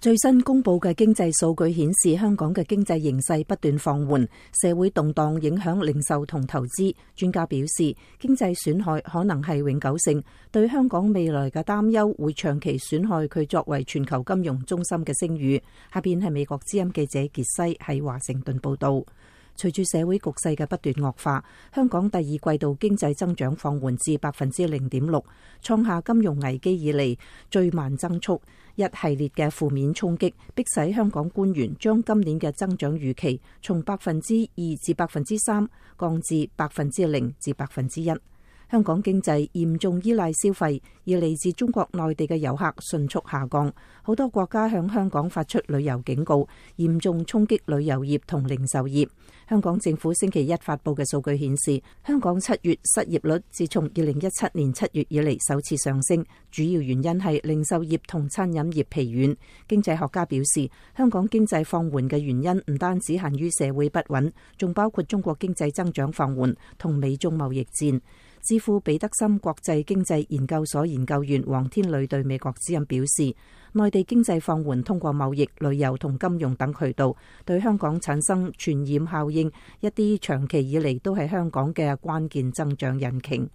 最新公布嘅經濟數據顯示，香港嘅經濟形勢不斷放緩，社會動盪影響零售同投資。專家表示，經濟損害可能係永久性，對香港未來嘅擔憂會長期損害佢作為全球金融中心嘅聲譽。下邊係美國之音記者傑西喺華盛頓報道。隨住社會局勢嘅不斷惡化，香港第二季度經濟增長放緩至百分之零點六，創下金融危機以嚟最慢增速。一系列嘅負面衝擊，迫使香港官員將今年嘅增長預期從百分之二至百分之三，降至百分之零至百分之一。香港經濟嚴重依賴消費，而嚟自中國內地嘅遊客迅速下降，好多國家向香港發出旅遊警告，嚴重衝擊旅遊業同零售業。香港政府星期一發布嘅數據顯示，香港七月失業率自從二零一七年七月以嚟首次上升，主要原因係零售業同餐飲業疲軟。經濟學家表示，香港經濟放緩嘅原因唔單止限於社會不穩，仲包括中國經濟增長放緩同美中貿易戰。智庫彼得森國際經濟研究所研究員黃天磊對美國之音表示，內地經濟放緩通過貿易、旅遊同金融等渠道對香港產生傳染效應，一啲長期以嚟都係香港嘅關鍵增長引擎。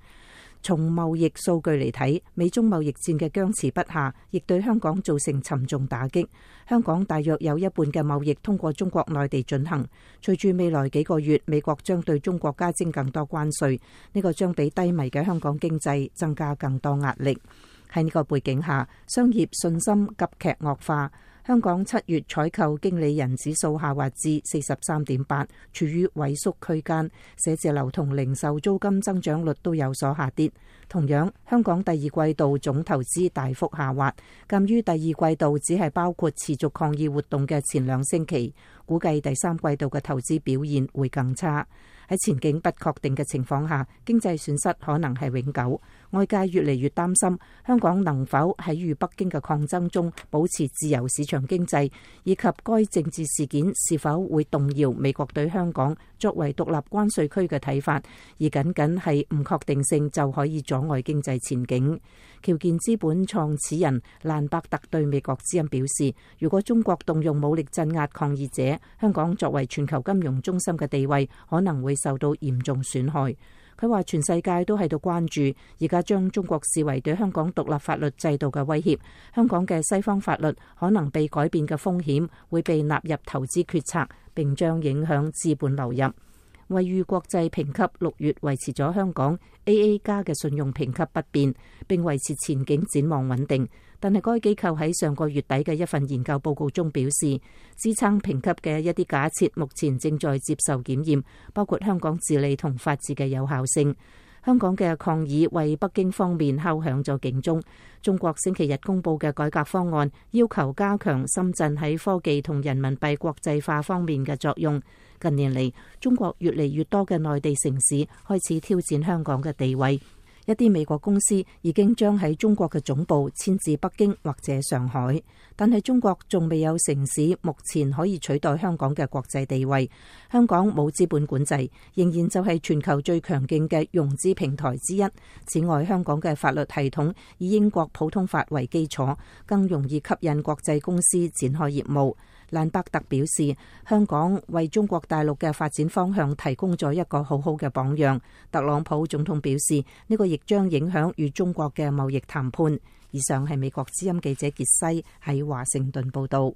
從貿易數據嚟睇，美中貿易戰嘅僵持不下，亦對香港造成沉重打擊。香港大約有一半嘅貿易通過中國內地進行。隨住未來幾個月，美國將對中國加徵更多關稅，呢個將比低迷嘅香港經濟增加更多壓力。喺呢個背景下，商業信心急劇惡化。香港七月採購經理人指數下滑至四十三點八，處於萎縮區間。寫字樓同零售租金增長率都有所下跌。同樣，香港第二季度總投資大幅下滑，鑒於第二季度只係包括持續抗議活動嘅前兩星期，估計第三季度嘅投資表現會更差。喺前景不確定嘅情況下，經濟損失可能係永久。外界越嚟越擔心香港能否喺與北京嘅抗爭中保持自由市場經濟，以及該政治事件是否會動搖美國對香港作為獨立關稅區嘅睇法。而僅僅係唔確定性就可以阻礙經濟前景。橋建資本創始人蘭伯特對美國之音表示：「如果中國動用武力鎮壓抗議者，香港作為全球金融中心嘅地位可能會受到嚴重損害。佢話，全世界都喺度關注，而家將中國視為對香港獨立法律制度嘅威脅，香港嘅西方法律可能被改變嘅風險會被納入投資決策，並將影響資本流入。惠譽國際評級六月維持咗香港 AA 加嘅信用評級不變，並維持前景展望穩定。但係該機構喺上個月底嘅一份研究報告中表示，支撐評級嘅一啲假設目前正在接受檢驗，包括香港治理同法治嘅有效性。香港嘅抗議為北京方面敲響咗警鐘。中國星期日公佈嘅改革方案要求加強深圳喺科技同人民幣國際化方面嘅作用。近年嚟，中國越嚟越多嘅內地城市開始挑戰香港嘅地位。一啲美國公司已經將喺中國嘅總部遷至北京或者上海，但係中國仲未有城市目前可以取代香港嘅國際地位。香港冇資本管制，仍然就係全球最強勁嘅融資平台之一。此外，香港嘅法律系統以英國普通法為基礎，更容易吸引國際公司展開業務。蘭伯特表示，香港為中國大陸嘅發展方向提供咗一個好好嘅榜樣。特朗普總統表示，呢個亦將影響與中國嘅貿易談判。以上係美國之音記者杰西喺華盛頓報道。